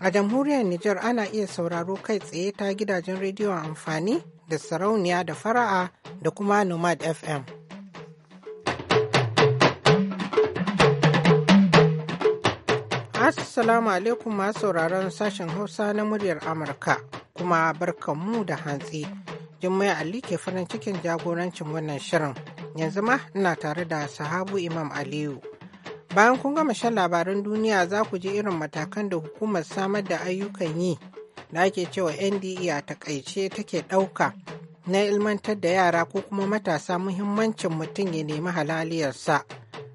A jamhuriyar Nijar ana iya sauraro kai tsaye ta gidajen rediyon amfani da sarauniya da fara'a da kuma Nomad FM. Assalamu alaikum ma sauraron sashen Hausa na muryar Amurka kuma barkanmu da hantsi. Jummai Ali ke farin cikin jagorancin wannan shirin. Yanzu ma ina tare da Sahabu Imam Aliyu. Bayan kun gama shan labaran duniya za ku ji irin matakan da hukumar samar da ayyukan yi da ake cewa NDE a takaice take ɗauka na ilmantar da yara ko kuma matasa muhimmancin mutum ya nemi halaliyarsa.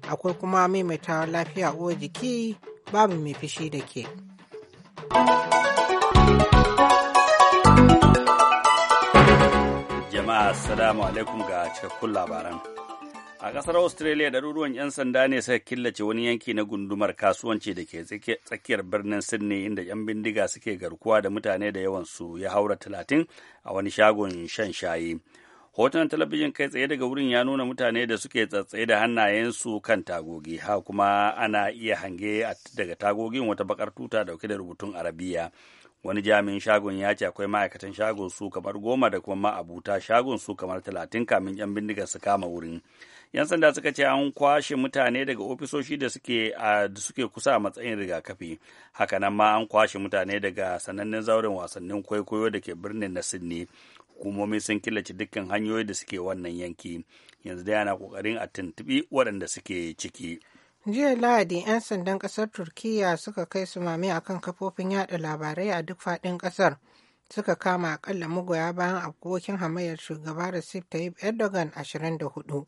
Akwai kuma maimaita lafiya uwa jiki babu mai fishi da ke. Jama'a, Assalamu alaikum ga cikakkun labaran. A ƙasar Australia, ɗaruruwan 'yan sanda ne suka killace wani yanki na gundumar kasuwanci da ke tsakiyar birnin Sydney inda 'yan bindiga suke garkuwa da mutane da yawansu ya haura talatin a wani shagon shan shayi. hoton talabijin kai tsaye daga wurin ya nuna mutane da suke tsatsaye da hannayensu kan tagogi, ha kuma ana iya hange daga tagogin wata bakar tuta dauke da rubutun Arabiya. wani jami'in shagon ya ce akwai ma'aikatan shagon su kamar goma da kuma ma'abuta shagon su kamar talatin kamin yan bindiga su kama wurin yan sanda suka ce an kwashe mutane daga ofisoshi da suke suke kusa matsayin rigakafi hakanan ma an kwashe mutane daga sanannen zauren wasannin kwaikwayo da ke birnin na sydney hukumomi sun killace dukkan hanyoyi da suke wannan yanki yanzu dai ana kokarin a tuntubi waɗanda suke ciki jiya lahadi 'yan sandan kasar Turkiyya suka kai su mame a kan kafofin yada labarai a duk faɗin kasar suka kama akalla magoya bayan abokin hamayyar shugaba recep tayyip erdogan 24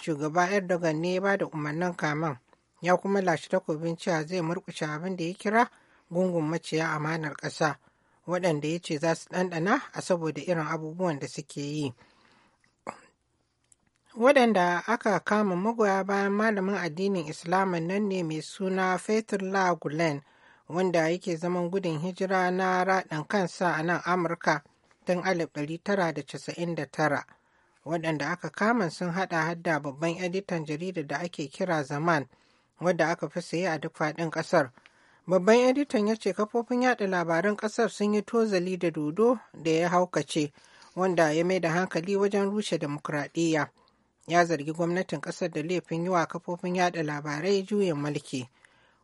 shugaba erdogan ne ya ba da umarnin kaman ya kuma lashe takobin cewa zai murkushe abin da ya kira gungun maciya amanar ƙasa waɗanda ya ce za su ɗanɗana a saboda irin abubuwan da suke yi. waɗanda aka kama magoya bayan malamin addinin islam nan ne mai suna Fetur gulen wanda yake zaman gudun hijira na raɗin kansa a nan amurka tun 1999 waɗanda aka kama sun haɗa hadda babban editan jarida da ake kira zaman wadda aka fi saye a duk faɗin ƙasar babban editan ya ce kafofin yada labaran ƙasar sun yi tozali da dodo da ya haukace wanda ya mai da hankali wajen rushe demokradiyya. ya zargi gwamnatin kasar da laifin yi wa kafofin yada labarai juyin mulki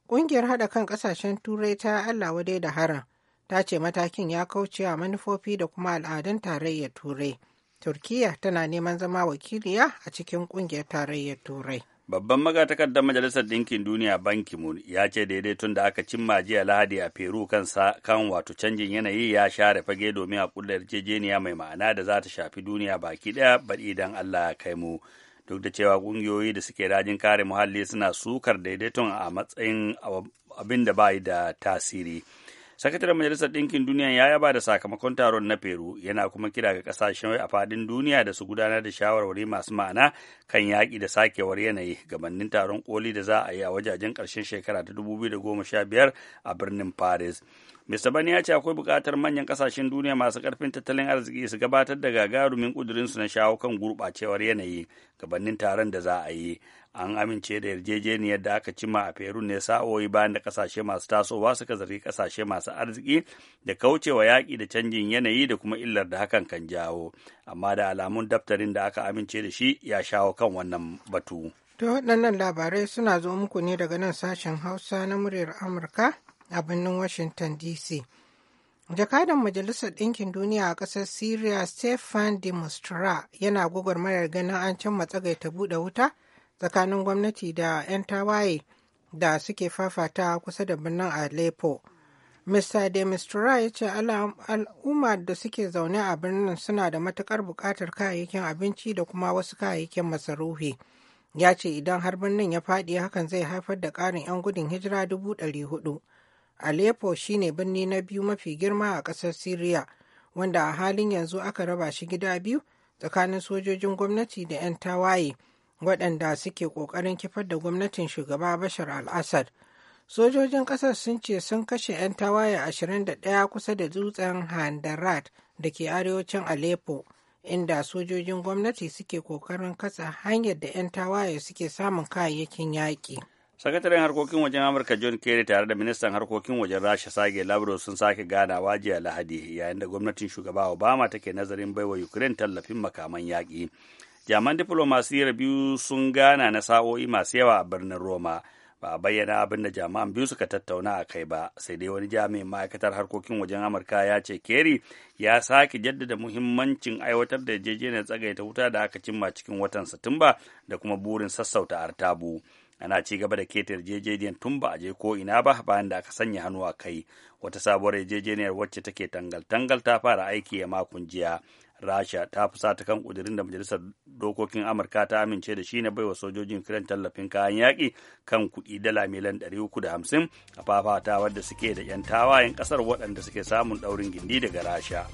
ƙungiyar haɗa kan ƙasashen turai ta allah wadai da harin ta ce matakin ya kauce wa manufofi da kuma al'adun tarayyar turai turkiya tana neman zama wakiliya a cikin ƙungiyar tarayyar turai Babban magatakardar Majalisar Ɗinkin Duniya Banki Mun ya ce daidaiton da aka cimma jiya Lahadi a Peru sa kan wato canjin yanayi ya share fage domin a kulla yarjejeniya mai ma'ana da za ta shafi duniya baki ɗaya baɗi idan Allah ya kai mu. Duk da cewa ƙungiyoyi da suke rajin kare muhalli suna sukar daidaiton a matsayin abin da yi da tasiri. sakataren majalisar ɗinkin duniya ya yaba da sakamakon taron na peru yana kuma kira ga ƙasashen a faɗin duniya da su gudanar da shawarwari masu ma'ana kan yaƙi da sakewar yanayi gabanin taron koli da za a yi a wajajen ƙarshen shekara ta 2015 a birnin paris Mr. Bani ya ce akwai buƙatar manyan ƙasashen duniya masu ƙarfin tattalin arziki su gabatar da gagarumin ƙudurinsu na shawo kan gurɓacewar yanayi gabanin taron da za a yi. An amince da yarjejeniyar da aka cima a Peru ne sa'o'i bayan da ƙasashe masu tasowa suka zargi ƙasashe masu arziki da kaucewa yaƙi da canjin yanayi da kuma illar da hakan kan jawo. Amma da alamun daftarin da aka amince da shi ya shawo kan wannan batu. To waɗannan labarai suna zo muku ne daga nan sashen Hausa na muryar Amurka. a birnin washington dc jakadan majalisar ɗinkin duniya a ƙasar syria stefan de mustura yana gwagwarmayar ganin an cimma ta buɗe wuta tsakanin gwamnati da 'yan tawaye da suke fafata kusa da birnin aleppo mr de mistura ya ce al'umma da suke zaune a birnin suna da matukar buƙatar kayayyakin abinci da kuma wasu kayayyakin masarufi ya ce idan har birnin ya faɗi hakan zai haifar da ƙarin 'yan gudun hijira dubu ɗari hudu Aleppo shine birni na biyu mafi girma a ƙasar Siriya, wanda a halin yanzu aka raba shi gida biyu tsakanin sojojin gwamnati da 'yan tawaye waɗanda suke ƙoƙarin kifar da gwamnatin shugaba Bashar al-Assad. Sojojin ƙasar sun ce sun kashe 'yan tawaye 21 kusa da dutsen Handarat da ke arewacin Aleppo, inda sojojin gwamnati suke ƙoƙarin katsa hanyar da 'yan tawaye suke samun kayayyakin yaƙi. sakataren harkokin wajen amurka john kerry tare da ministan harkokin wajen rasha sage labro sun sake ganawa jiya lahadi yayin da gwamnatin shugaba obama take nazarin baiwa ukraine tallafin makaman yaƙi jaman diflomasiyyar biyu sun gana na sa'o'i masu yawa a birnin roma ba a bayyana abin da jami'an biyu suka tattauna a kai ba sai dai wani jami'in ma'aikatar harkokin wajen amurka ya ce kerry ya sake jaddada muhimmancin aiwatar da yarjejeniyar tsagaita wuta da aka cimma cikin watan satumba da kuma burin sassauta artabu ana ci gaba da keta yarjejeniyar tun ba a je ko ina ba bayan da aka sanya hannu a kai wata sabuwar yarjejeniyar wacce take tangal-tangal ta fara aiki a makon jiya rasha ta fi sa ta kan kudirin da majalisar dokokin amurka ta amince da shi na baiwa sojojin kiran tallafin kayan yaki kan kuɗi dala miliyan hamsin a fafatawar da suke da 'yan tawayen ƙasar waɗanda suke samun ɗaurin gindi daga rasha.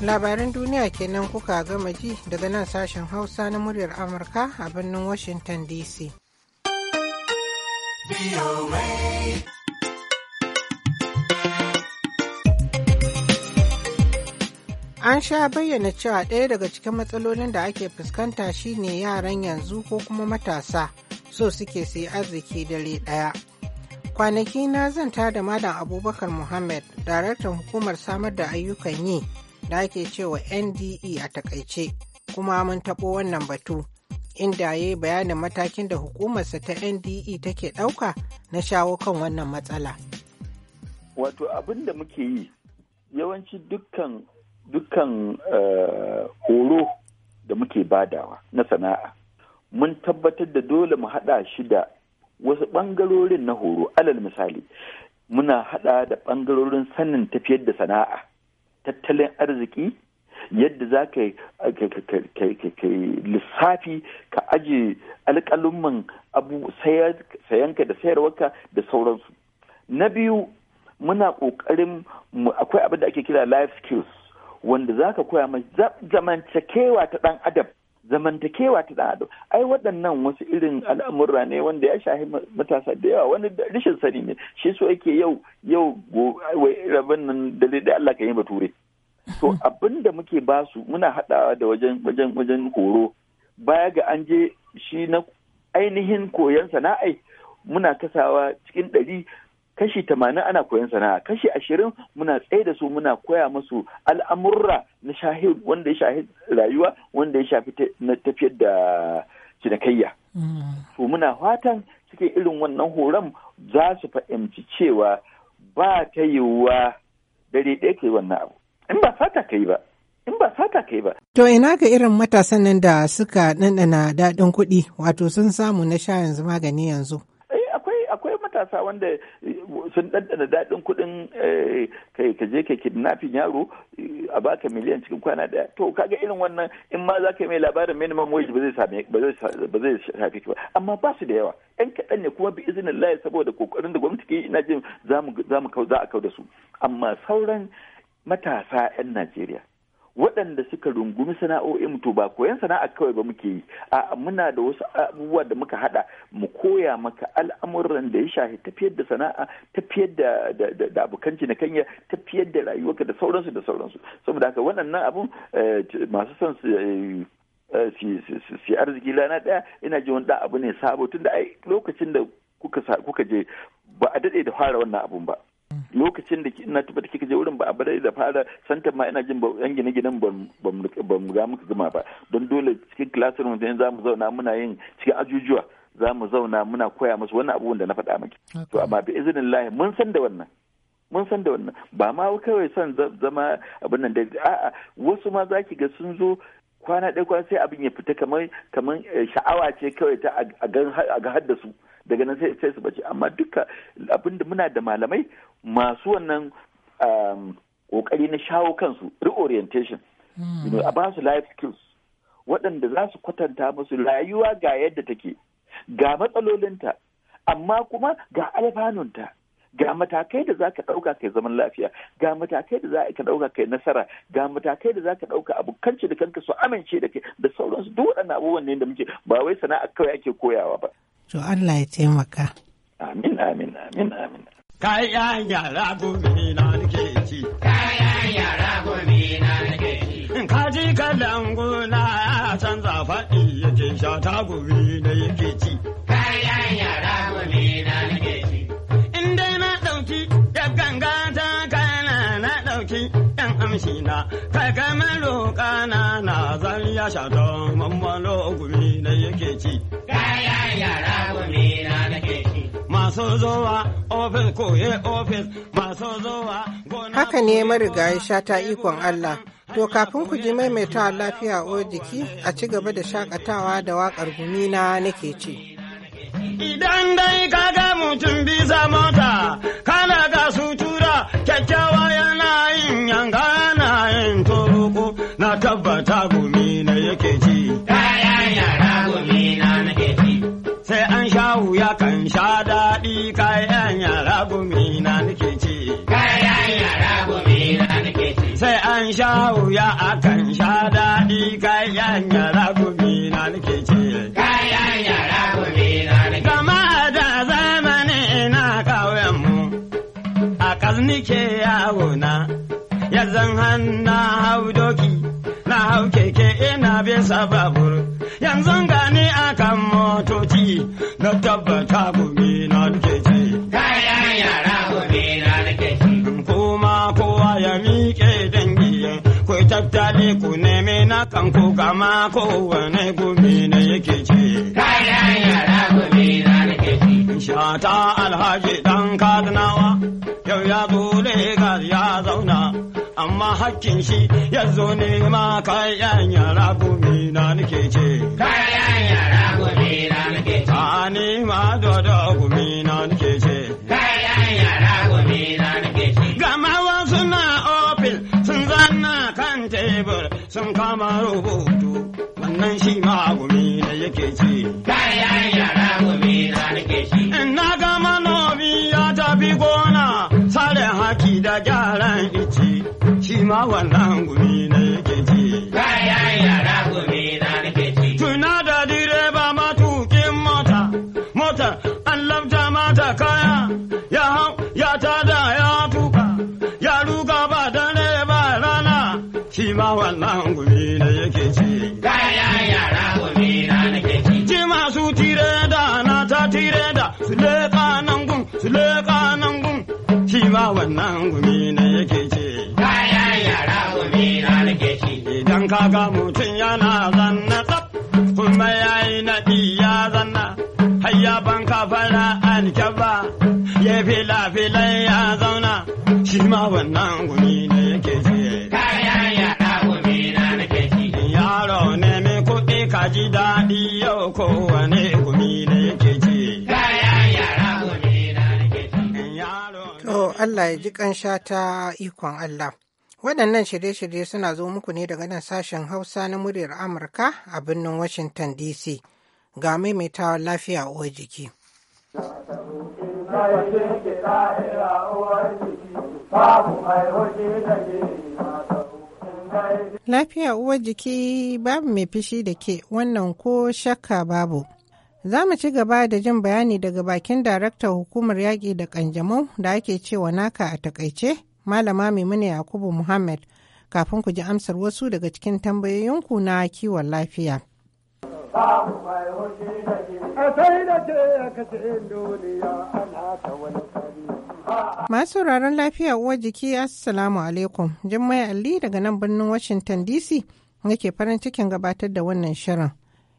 labaran duniya kenan kuka gama ji daga nan sashen hausa na muryar amurka a birnin washington dc An sha bayyana cewa ɗaya daga cikin matsalolin da ake fuskanta shine yaran yanzu ko kuma matasa so suke sai arziki dare ɗaya. Kwanaki na zanta da Malam Abubakar Muhammad, daraktan hukumar samar da ayyukan yi da ake cewa NDE a takaice kuma mun taɓo wannan batu inda ya yi bayanin matakin da hukumarsa ta NDE take ɗauka na shawo kan wannan matsala. Wato abin da muke yi yawanci dukkan dukkan eh, horo da muke badawa na sana'a mun tabbatar da dole mu haɗa shi da wasu ɓangarorin na horo alal misali muna haɗa da ɓangarorin sanin tafiyar da sana'a tattalin arziki yadda za ka yi lissafi ka aje alƙalumman abu sayanka da sayarwarka da sauransu na biyu muna ƙoƙarin akwai abin da ake kira life skills wanda za ka koya mai zamantakewa ta ɗan adam zamantakewa ta ɗan ai waɗannan wasu irin al'amurra ne wanda ya shahi matasa da yawa wani rashin sani ne shi so yake yau yau rabin nan da da Allah ka yi bature to abin da muke basu muna haɗawa da wajen wajen wajen horo baya ga an je shi na ainihin koyon sana'ai muna kasawa cikin ɗari kashi tamanin ana koyan sana'a kashi ashirin muna tsaye da su muna koya musu al'amurra na shahid wanda ya shafi rayuwa wanda ya shafi na tafiyar da cinikayya mm. to muna fatan suke irin wannan horon za su fahimci cewa ba ta yiwuwa dare ɗaya ka yi wannan abu in ba fata ka yi ba in ba fata ka yi ba. To ina ga irin matasan nan da suka ɗanɗana daɗin kuɗi wato sun samu na sha yanzu magani yanzu. matasa wanda eh, sun ɗanɗana daɗin kuɗin eh, kai ka je eh, ka kidnafin yaro a baka miliyan cikin kwana ɗaya to kaga irin wannan in ma za ka mai labarin minimum wage ba zai ba zai shafi ba amma ba su da yawa yan kaɗan ne kuma bi izinin layi saboda kokarin da gwamnati ke ina jin za mu za a kau da su amma sauran matasa yan Najeriya waɗanda suka rungumi sana'o'in to ba koyan sana'a kawai ba muke yi a muna da wasu abubuwa da muka hada mu koya maka al'amuran da ya shafi tafiyar da sana'a tafiyar da da abokan cinikanya tafiyar da rayuwarka da sauransu da sauransu saboda haka waɗannan abun eh, masu son su eh, eh, arziki lana ɗaya ina ji wani abu ne sabo tunda ai lokacin da kuka je ba a daɗe da fara wannan abun ba lokacin da ina da kika je wurin ba a bari da fara santan ma ina jin yan gine-ginen ba mu ga muka gama ba don dole cikin classroom da za mu zauna muna yin cikin ajujuwa za mu zauna muna koya musu wannan abubuwan da na faɗa miki to amma bi izinin lahi mun san da wannan mun san da wannan ba ma kawai son zama abin nan da a'a wasu ma za ki ga sun zo kwana ɗaya kwana sai abin ya fita kamar kamar eh, sha'awa ce kawai ta a ga haddasu su daga nan sai su bace amma duka abinda muna da malamai masu wannan kokari um, na shawo kansu reorientation hmm. a ba su life skills waɗanda za su kwatanta musu rayuwa ga yadda take ga matsalolinta amma kuma ga alfanunta ga matakai da za ka ɗauka kai zaman lafiya ga matakai da za ka ɗauka kai nasara ga matakai da za ka ɗauka kanci da kanka su amince da kai da sauransu duk waɗannan abubuwan ne da muke ba wai sana'a kawai ake koyawa ba To Allah ya taimaka. Amin, amin, amin, amin. Kayan yara gobe na nake ci. Kayan yara gobe na nake ci. Kaji kalangu na canza faɗi yake sha ta gobe na yake ci. kai kai maro kana na zan ya shato mammalo gumi na yake ci kaya yara gumi na nake ci masu zowa ofis koye ofis masu zowa gona haka ne marigayi ta ikon Allah To kafin ku ji maimaitawa lafiya o jiki a ci gaba da shakatawa da waƙar gumina nake ci. Idan dai kaga mutum bisa mota, kana ga sutura kyakkyawa yana yin yanga yana yin toroko na tabbata gumi na yake ci. Kayan yara gumi na nake ci. Sai an sha wuya kan sha daɗi kayan yara gumi na nake ci. Kayan yara gumi na nake ci. Sai an sha wuya akan sha daɗi kayan ni yawona, ya zan hanna hau doki, na hau keke ina bisa babur. Yanzu gani akan motoci, na tabbata gobe na duke ce. yara kowa ya miƙe dangi, ku tattale ku neme na kanku kama kowane gobe na yake ce. Kayan yara gobe Shata alhaji ɗan kadinawa yau ya zo Legas ya zauna, amma hakkin shi ya zo nema kayan yara gumi na nake ce. Kayan yara gumi na nake ce. A nema dodo gumi na nake ce. Kayan yara gumi na nake ce. Gamawa suna opil sun zanna kan tebur sun kama rubutu wannan shi ma gumi da yake ce. Kayan kaya ya hau ya tada ya tuka ya ruga ba dare ba rana shi ma wannan gumi da yake ci kaya yara gumi na nake ci ji masu tire da na ta tire da su leƙa nan gun su leƙa nan gun shi ma wannan gumi na yake ci kaya yara gumi na nake ci idan ka ga mutum yana zanna tsaf kuma yayi na ban kafara an caba ya fila fila ya zauna shi ma wannan gumi ne yake ji kaya ya da gumi na nake ji yaro ne mai kuɗi kaji daɗi yau ko wane gumi ne yake ji kaya ya da gumi na nake ji to Allah ya ji kansha ta ikon Allah Waɗannan shirye-shirye suna zo muku ne daga nan sashen Hausa na muryar Amurka a birnin Washington DC. ga maimaitawa lafiya uwar jiki. Lafiya uwar jiki babu mai fishi da ke wannan ko shakka babu. Za mu ci gaba da jin bayani daga bakin daraktar hukumar yaƙi da ƙanjamau da ake cewa naka a takaice, Malama Maimuna Yakubu Muhammad, kafin ku ji amsar wasu daga cikin tambayoyinku na kiwon lafiya. Masu sauraron lafiya uwar jiki Assalamu alaikum Jummai Ali daga nan birnin Washington DC nake farin cikin gabatar da wannan shirin.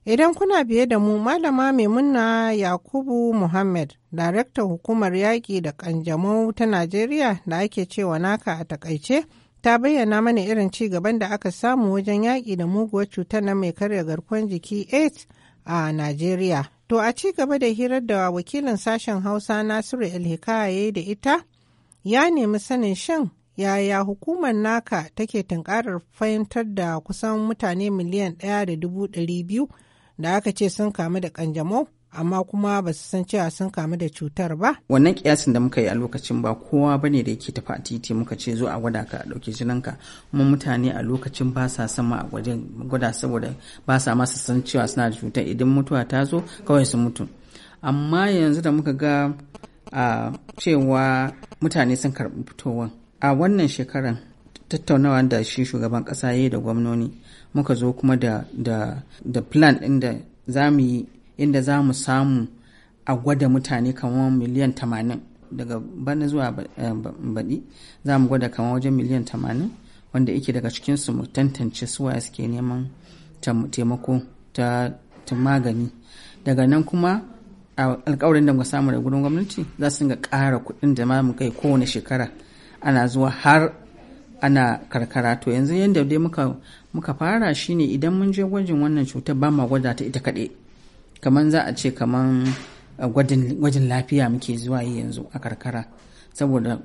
Idan kuna biye da mu Malama Maimuna Yakubu Muhammad, Daraktan Hukumar Yaƙi da Ƙanjamau ta Najeriya da ake cewa naka a takaice, ta bayyana mana irin ci gaban da aka samu wajen yaƙi da muguwar cuta na mai karya garkuwar jiki AIDS a Najeriya. To a ci gaba da hirar da wakilin sashen Hausa Nasiru Alhikaye da ita ya nemi sanin shin yaya hukumar naka take tunkarar fahimtar da kusan mutane miliyan ɗaya da dubu ɗari biyu da aka ce sun kamu da ƙanjamau amma kuma ba su san cewa sun kamu da cutar ba. Wannan kiyasin da muka yi a lokacin ba kowa bane da yake tafi a titi muka ce zo a gwada ka a jininka kuma mutane a lokacin ba sa sama a gwada saboda ba sa masa san cewa suna da cutar idan mutuwa ta zo kawai su mutu. Amma yanzu da muka ga a cewa mutane sun karɓi fitowar. a wannan shekaran tattaunawa da shi shugaban ƙasa ya da gwamnoni muka zo kuma da plan ɗin da za mu yi inda za mu samu a gwada mutane kamar miliyan tamanin daga bana zuwa eh, baɗi za mu gwada kamar wajen miliyan tamanin wanda yake daga cikinsu mu tantance suwa suke neman taimako ta magani daga nan kuma a alkawarin da muka samu da gudun gwamnati za su ga ƙara kuɗin da mu kai kowane shekara ana zuwa har ana karkara to yanzu yadda dai muka muka fara shine idan mun je gwajin wannan cutar ba ma gwada ta ita kaɗai kamar za a ce kamar eh, gwajin lafiya muke zuwa yi yanzu a karkara saboda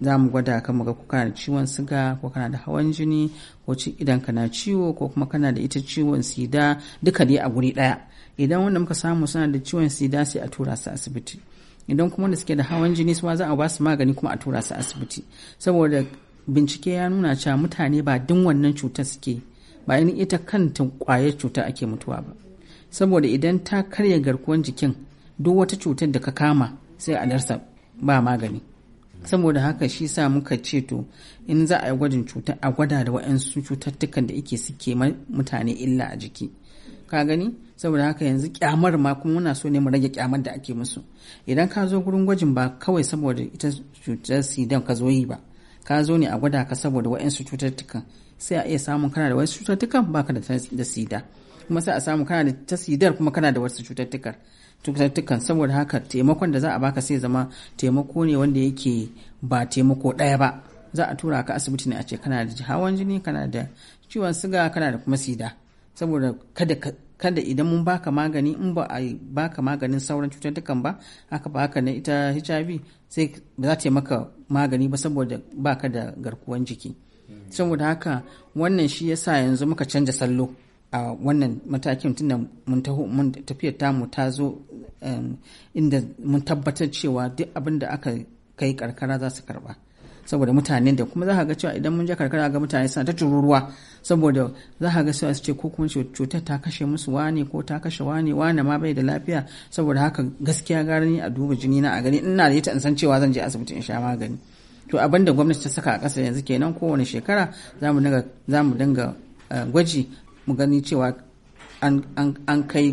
za mu gwada ka ga ko kana da ciwon siga ko kana da hawan jini ko idan kana ciwo ko kuma kana da ita ciwon sida duka dai a guri daya idan wanda muka samu suna da ciwon sida sai a tura su asibiti idan kuma da suke da hawan jini su za a ba su magani kuma a tura su asibiti saboda bincike ya nuna cewa mutane ba din wannan cutar suke ba ita kanta kwayar cuta ake mutuwa ba saboda idan ta karya garkuwan jikin duk wata cutar da ka kama sai a darsa ba magani saboda haka shi sa muka ce to in za a yi gwajin cutar a gwada da waɗansu cututtukan da ike suke mutane illa a jiki ka gani saboda haka yanzu kyamar ma kuma muna so ne mu rage kyamar da ake musu idan ka zo gurin gwajin ba kawai saboda ita cutar sidan ka zo yi ba ka zo ne a gwada ka saboda waɗansu cututtukan sai a iya samun kana da wasu cututtukan baka da sida kuma sai a samu kana da tasidar kuma kana da wasu cututtukan cututtukan saboda haka taimakon da za a baka sai zama taimako ne wanda yake ba taimako ɗaya ba za a tura ka asibiti ne a ce kana da hawan jini kana da ciwon siga kana da kuma sida saboda kada kada idan mun baka magani in ba a baka maganin sauran cututtukan ba aka baka na ita HIV sai ba za ta maka magani ba saboda baka da garkuwan jiki saboda haka wannan shi yasa yanzu muka canja sallo a wannan matakin tunda mun taho mun tafiyar ta zo inda mun tabbatar cewa duk abin da aka kai karkara za su karba saboda mutanen da kuma za ka ga cewa idan mun je karkara ga mutane suna ta tururuwa saboda za ka ga cewa su ce ko kuma cutar ta kashe musu wane ko ta kashe wane wane ma bai da lafiya saboda haka gaskiya gani a duba jini na a gani ina da ita in san cewa zan je asibiti in sha magani to abinda gwamnati ta saka a ƙasa yanzu kenan kowane shekara za mu dinga eh, gwaji mu gani cewa an kai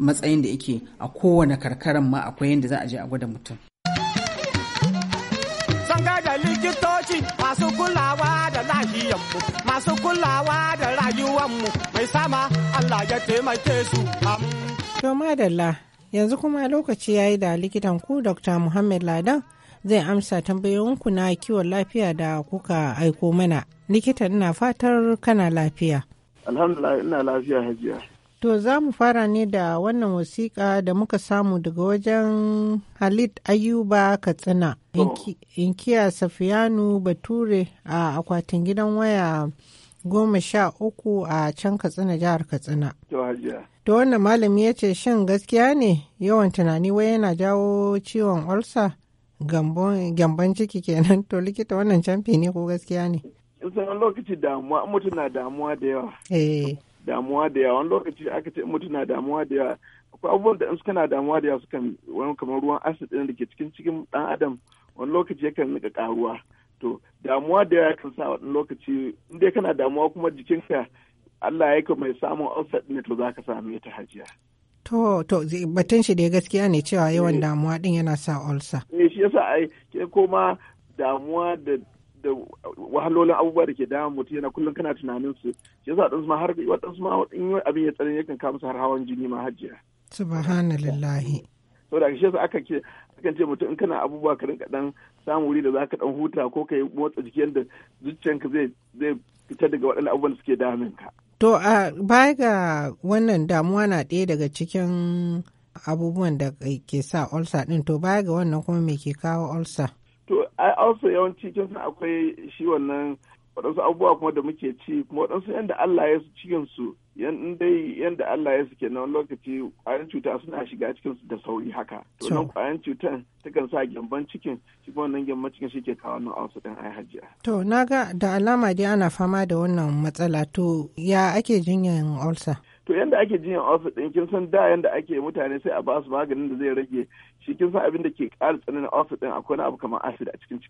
matsayin da yake a kowane karkaran ma akwai yadda za a je a gwada mutum. da likitoci masu kulawa da lahiyanmu masu kulawa da rayuwanmu mai sama Allah ya taimake su To madalla yanzu kuma lokaci ya yi da likitan ku Dr. Muhammad Ladan zai amsa tambayoyin ku na kiwon lafiya da kuka aiko mana. likitan na fatar kana lafiya. alhamdulillah ina lafiya hajiya to za mu fara ne da wannan wasiƙa da muka samu daga wajen halit ayuba katsina inkiya safiyanu bature a akwatin gidan waya goma sha uku a can katsina jihar katsina to wannan malami ya ce shin gaskiya ne yawan tunani wai yana jawo ciwon ulsa gyambon ciki kenan to likita wannan canfi ne ko gaskiya ne in san wani lokaci damuwa mutum na damuwa da yawa eh. damuwa da yawa wani lokaci aka ce mutum na damuwa da yawa akwai abubuwan da in suka na damuwa da yawa sukan wani kamar ruwan acid din da ke cikin cikin dan adam wani lokaci yakan nika karuwa to damuwa da yawa kan sa wani lokaci in dai kana damuwa kuma jikinka Allah ya ka mai samun ulcer ne to za ka same ta hajiya To, to, batun shi da gaskiya ne cewa yawan eh. damuwa din yana sa ulcer. Ne eh, shi yasa ai ke koma damuwa da da wahalolin abubuwa da ke damun mutum yana kullum kana tunanin su shi yasa ɗansu ma har waɗansu ma in abin ya tsare yakan kawo musu har hawan jini ma hajiya subhanallahi so da shi yasa aka ce akan ce mutum in kana abubuwa ka rinka ɗan samu wuri da za ka ɗan huta ko ka yi motsa jiki yadda zuciyanka zai zai fitar daga waɗannan abubuwan da suke damun ka to a baya ga wannan damuwa na ɗaya daga cikin abubuwan da ke sa ulcer din to baya ga wannan kuma me ke kawo ulcer to also yawanci cikin suna akwai shi wannan waɗansu abubuwa kuma da muke ci kuma waɗansu yadda Allah ya su cikin su yan dai yadda Allah ya suke nan lokaci ƙwayan cuta suna shiga cikin su da sauri haka to nan ƙwayan cutan takan sa gyamban cikin shi kuma wannan gyamban cikin ke kawo nan ausu din ai hajiya to naga da alama dai ana fama da wannan matsala to ya ake jinyan ulcer to yadda ake jinyan ulcer ɗin kin san da yadda ake mutane sai a ba su maganin da zai rage shi kin san abin da ke ƙara tsananin acid din akwai wani abu kamar acid a cikin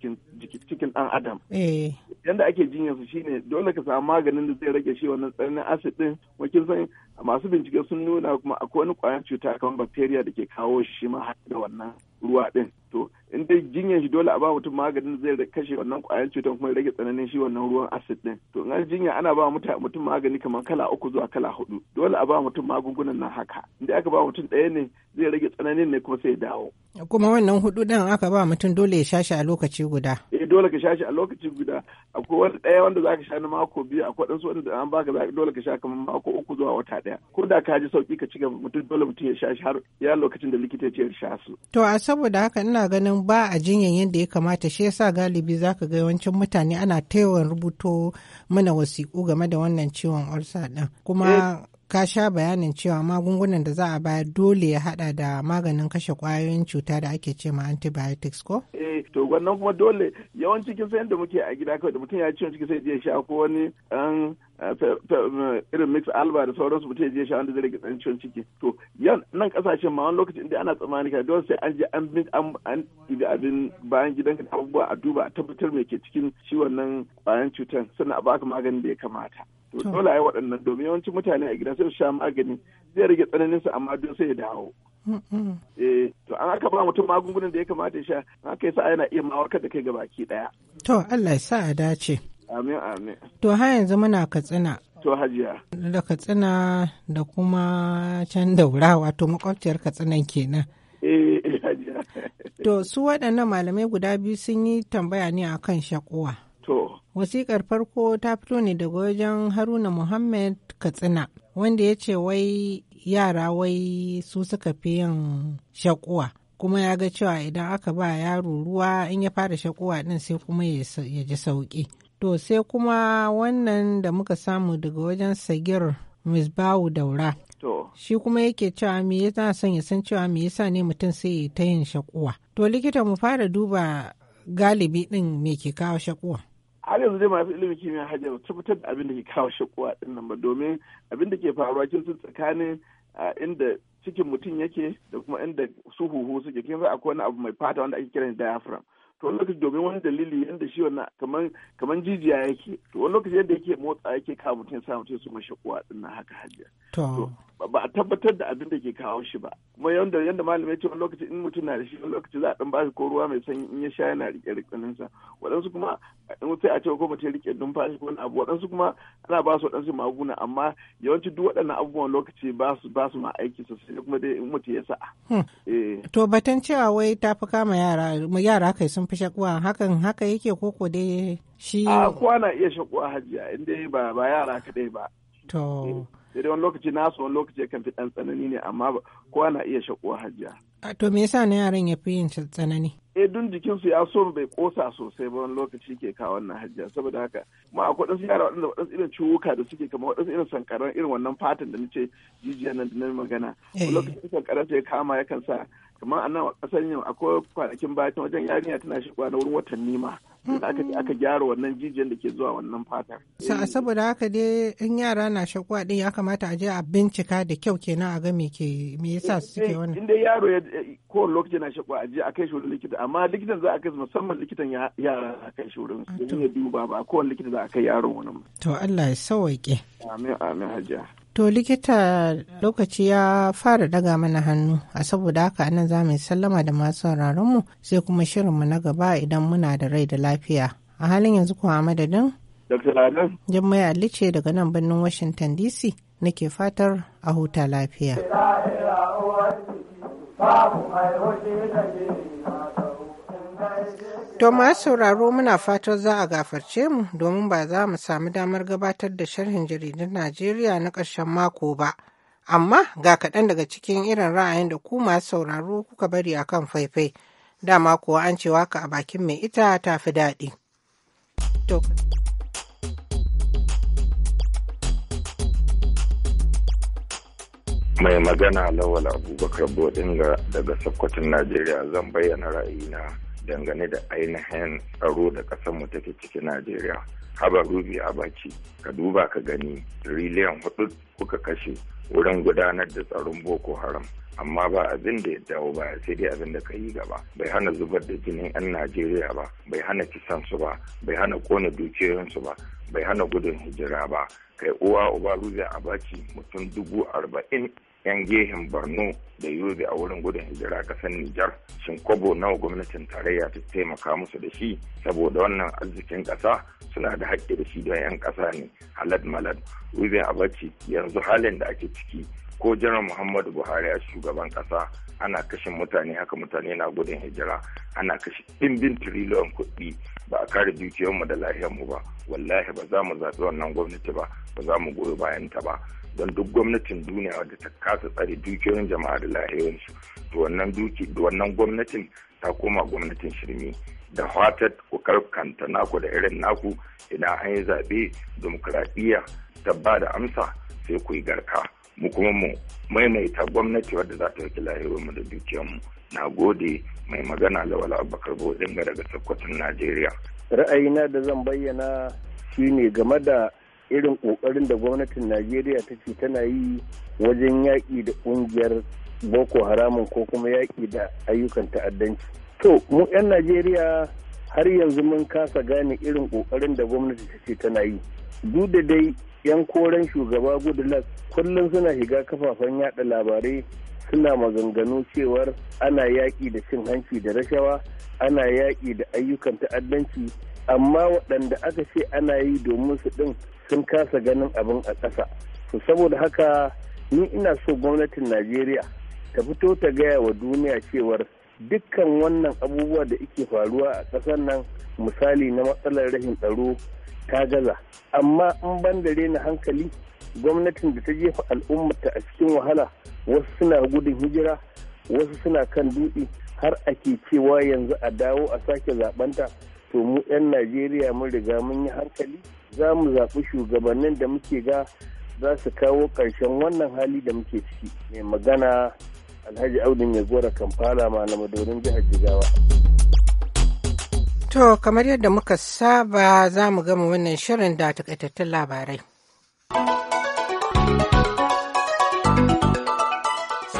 cikin cikin dan adam eh. yanda ake jinyar su shine dole ka samu maganin da zai rage shi wannan tsananin acid din kuma kin san masu bincike sun nuna kuma akwai wani kwayan cuta kamar bacteria da ke kawo shi ma da wannan ruwa din to in dai jinyar shi dole a ba mutum maganin zai kashe wannan kwayan cutan kuma rage tsananin shi wannan ruwan acid din to in an jinya ana ba mutum magani kamar kala uku zuwa kala hudu dole a ba mutum magungunan nan haka in dai aka ba mutum ɗaya ne zai rage tsananin ne kuma sai ya dawo kuma wannan hudu din aka ba mutum dole ya shashi a lokaci guda eh dole ka shashi a lokaci guda akwai wani ɗaya wanda zaka sha na mako biyu akwai ɗansu wanda an baka dole ka sha kamar mako uku zuwa wata ɗaya daya ko da ka ji sauki ka ci mutum dole mutum ya sha shi har ya lokacin da likita ya ce ya sha su to a saboda haka ina ganin ba a jinyan yadda ya kamata shi yasa galibi za ka ga yawancin mutane ana taiwan rubuto mana wasiƙu game da wannan ciwon ulcer ɗin? kuma eh. ka sha bayanin cewa magungunan da za a bayar dole ya hada da maganin kashe kwayoyin cuta da ake ce ma antibiotics ko? Eh, to wannan kuma dole yawancin yadda muke a gida kawai da mutum ya ciwon ciki sai ya sha ko wani Eh, eh, irin mix alba da sauransu mutum je shi wanda zai rage ciki to yan nan kasashen ma wani lokacin da ana tsammani ka dole sai an je an bin an ibi abin bayan gidanka da abubuwa a duba a tabbatar mai ke cikin ciwon nan bayan cutan sannan a baka maganin da ya kamata to dole yi waɗannan domin yawancin mutane a gida sai su sha magani zai rage tsananin su amma don sai ya dawo mm, mm. Eh, to an aka ba mutum magungunan da ya kamata ya sha, aka yi sa'a yana iya mawarkar da kai gabaki daya. To Allah ya sa a dace. Amin amin. To har yanzu muna Katsina. To hajiya. Da Katsina da kuma can daura wato makwabciyar Katsinan kenan. Eh, to su waɗannan malamai guda biyu sun yi tambaya ne kan shakuwa. To. Wasiƙar farko ta fito ne daga wajen Haruna Muhammad Katsina wanda ya ce wai yara wai su suka fi yin shakuwa. kuma ya ga cewa idan aka ba yaro ruwa in ya fara shakuwa din sai kuma ya ji sauki. To sai kuma wannan da muka samu daga wajen Sagir misbawu Daura. Shi kuma yake cewa me yasa son ya san cewa me yasa ne mutum sai ta yin shakuwa. To likita mu fara duba galibi din me ke kawo shakuwa. har yanzu dai fi ilimin kimiyya hajji ba tabbatar da abin da ke kawo shakuwa din nan ba domin abin da ke faruwa kin sun tsakanin inda cikin mutum yake da kuma inda su huhu suke kin akwai wani abu mai fata wanda ake kiran diaphragm. to wani lokaci domin wani dalili yadda shi wannan kaman kaman jijiya yake to wani lokaci yadda yake motsa yake kawo mutum sa mutum su mashi kuwa dinnan haka hajjia. to ba a tabbatar da abin da ke kawo shi ba kuma yanda yanda malamai ce wani lokaci in mutum na da shi wani lokaci za a dan ba shi ko ruwa mai sanyi in ya sha yana rike rikinin sa waɗansu kuma in sai a ce ko mutum rike numfashi ko wani abu waɗansu kuma ana ba su waɗansu maguna amma yawanci duk waɗannan abubuwan lokaci ba su ba su ma aiki sosai kuma dai in mutum ya sa hmm. eh. to batun cewa wai ta fi kama yara yara kai sun fi shakuwa hakan haka yake ko dai shi. a kuwa na iya shakuwa hajiya inda ba ba yara kaɗai ba. to. Eh. sai dai wani lokaci nasu wani lokaci kan fi ɗan tsanani ne amma kowa na iya shakuwa hajjia. A to me yasa na yaran ya fi yin tsanani? Eh dun jikinsu ya so bai kosa sosai ba wani lokaci ke kawo wannan hajjia saboda haka ma akwai wadansu yara waɗanda waɗansu irin ciwuka da suke kama waɗansu irin sankaran irin wannan fatan da nace jijiyar nan da na magana. Eh. Wani lokacin sankaran sai kama yakan sa kamar a nan kasar yau akwai kwanakin baya wajen yarinya tana shigowa na wurin watanni ma. aka aka gyara wannan jijiyan da ke zuwa wannan fatar eh. saboda haka dai in yara na shakuwa din ya kamata a je a bincika da kyau kenan a ga me ke me yasa eh, suke wannan inda dai yaro ya eh, kowane lokaci na shakuwa a je a kai shi likita amma likitan za a kai musamman likitan yara a kai shi wurin ah, domin ya duba ba likita za a kai yaro wani to Allah ya sawaike amin amin hajiya To likita lokaci ya fara daga mana hannu, a saboda haka anan za mu sallama da masu mu sai kuma shirin mu na gaba idan muna da rai da lafiya. A halin yanzu kuwa madadin? Dr. Adam. Jummai Alice daga nan birnin Washington DC nake fatar a huta lafiya. To masu sauraro muna fatan za a gafarce mu domin ba za mu sami damar gabatar da sharhin jaridun Najeriya na ƙarshen mako ba. Amma ga kaɗan daga cikin irin ra'ayin da ku masu sauraro kuka bari a kan faifai. Dama kuwa an cewa ka a bakin mai ita ta fi daɗi. mai magana lawal abubakar bodinga daga sokoton najeriya zan bayyana ra'ayina dangane da ainihin tsaro da ƙasar mu take ciki Najeriya. Haba rubi a baki, ka duba ka gani, riliyan hudu kuka kashe wurin gudanar da tsaron Boko Haram. amma ba abin da ya dawo ba sai dai abin da ka yi gaba bai hana zubar da jinin 'yan najeriya ba bai hana kisan su ba bai hana kona dukiyoyinsu ba bai hana gudun hijira ba kai uwa uba Rubi a baki mutum dubu arba'in 'yan gehen borno da yobe a wurin gudun hijira kasar nijar shin kwabo nawa gwamnatin tarayya ta taimaka musu da shi saboda wannan arzikin ƙasa suna da haƙƙi da shi don 'yan ƙasa ne halad malad ruben abaci yanzu halin da ake ciki ko jiran muhammadu buhari a shugaban ƙasa ana kashe mutane haka mutane na gudun hijira ana kashe ɗimbin tiriliyon kuɗi ba a kare dukiyarmu da lahiyarmu ba wallahi ba za mu zaɓi wannan gwamnati ba ba za mu goyi bayanta ba don duk gwamnatin duniya wadda ta kasa tsare dukiyoyin jama'a da lahiyoyinsu to wannan duki wannan gwamnatin ta koma gwamnatin shirme da hatar ku kanta naku da irin naku idan an yi zaɓe demokuraɗiyya ta ba da amsa sai ku yi garka mu kuma mu maimaita gwamnati wadda za ta yi mu da dukiyarmu na gode mai magana lawala abubakar bodinga daga sokoton najeriya ra'ayina da zan bayyana shine game da irin kokarin da gwamnatin najeriya ta ce tana yi wajen yaƙi da ƙungiyar boko haramun ko kuma yaƙi da ayyukan ta'addanci to mu 'yan najeriya har yanzu mun kasa gane irin kokarin da gwamnati ta ce tana yi duk da dai 'yan koren shugaba goodluck kullum suna shiga kafafen yada labarai suna maganganu cewar ana yaƙi da cin hanci da rashawa ana yaƙi da ayyukan ta'addanci amma waɗanda aka ce ana yi domin su ɗin sun kasa ganin abin a ƙasa to saboda haka ni ina so gwamnatin najeriya ta fito ta gaya wa duniya cewar dukkan wannan abubuwa da ike faruwa a ƙasar nan misali na matsalar rashin tsaro ta gaza amma in ban da rena hankali gwamnatin da ta jefa al'ummata a cikin wahala wasu suna gudun hijira wasu suna kan dutse har ake cewa yanzu a dawo a sake zaɓenta to mu 'yan najeriya mun riga mun yi hankali za mu zaɓi shugabannin da muke ga za su kawo ƙarshen wannan hali da muke ciki mai magana alhaji Audu ya gora kamfala malama domin jihar jigawa to kamar yadda muka saba za mu gama wannan shirin da takaitattun labarai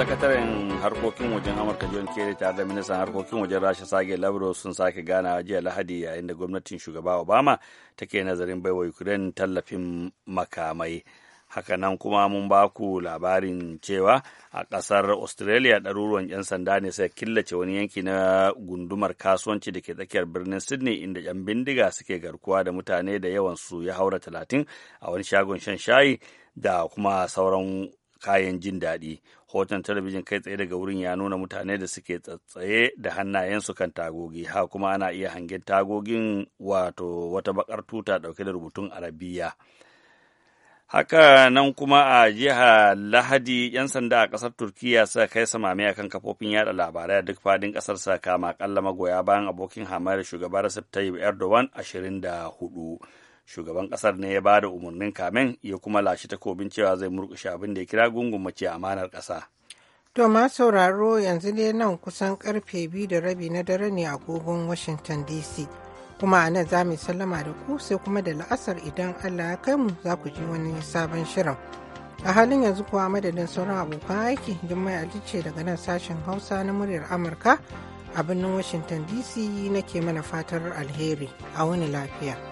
sakataren harkokin wajen amurka john kerry tare da ministan harkokin wajen rasha sage labro sun sake gana jiya lahadi yayin da gwamnatin shugaba obama take nazarin baiwa ukraine tallafin makamai hakanan kuma mun ba ku labarin cewa a ƙasar australia ɗaruruwan 'yan sanda ne sai killace wani yanki na gundumar kasuwanci da ke tsakiyar birnin sydney inda 'yan bindiga suke garkuwa da mutane da yawan su ya haura talatin a wani shagon shan shayi da kuma sauran kayan jin daɗi hoton talabijin kai tsaye daga wurin ya nuna mutane da suke tsatsaye da hannayensu kan tagogi ha kuma ana iya hangen tagogin wato wata bakar tuta dauke da rubutun arabiya haka nan kuma a jiha lahadi 'yan sanda a ƙasar turkiya suka kai samame akan kafofin yada labarai a duk fadin ƙasar sa kama kalla magoya bayan abokin hamayar shugaba recep tayyip erdogan 24 shugaban kasar ne ya ba da umarnin kamen ya kuma lashe takobin cewa zai murkushe abin da ya kira gungun mace amanar ƙasa. To ma sauraro yanzu ne nan kusan karfe biyu da rabi na dare ne a gogon Washington DC. Kuma a nan za mu sallama da ku sai kuma da la'asar idan Allah ya kai mu za ku ji wani sabon shirin. A halin yanzu kuwa madadin sauran abokan aiki Jummai a ce daga nan sashen Hausa na muryar Amurka a birnin Washington DC nake mana fatar alheri a wani lafiya.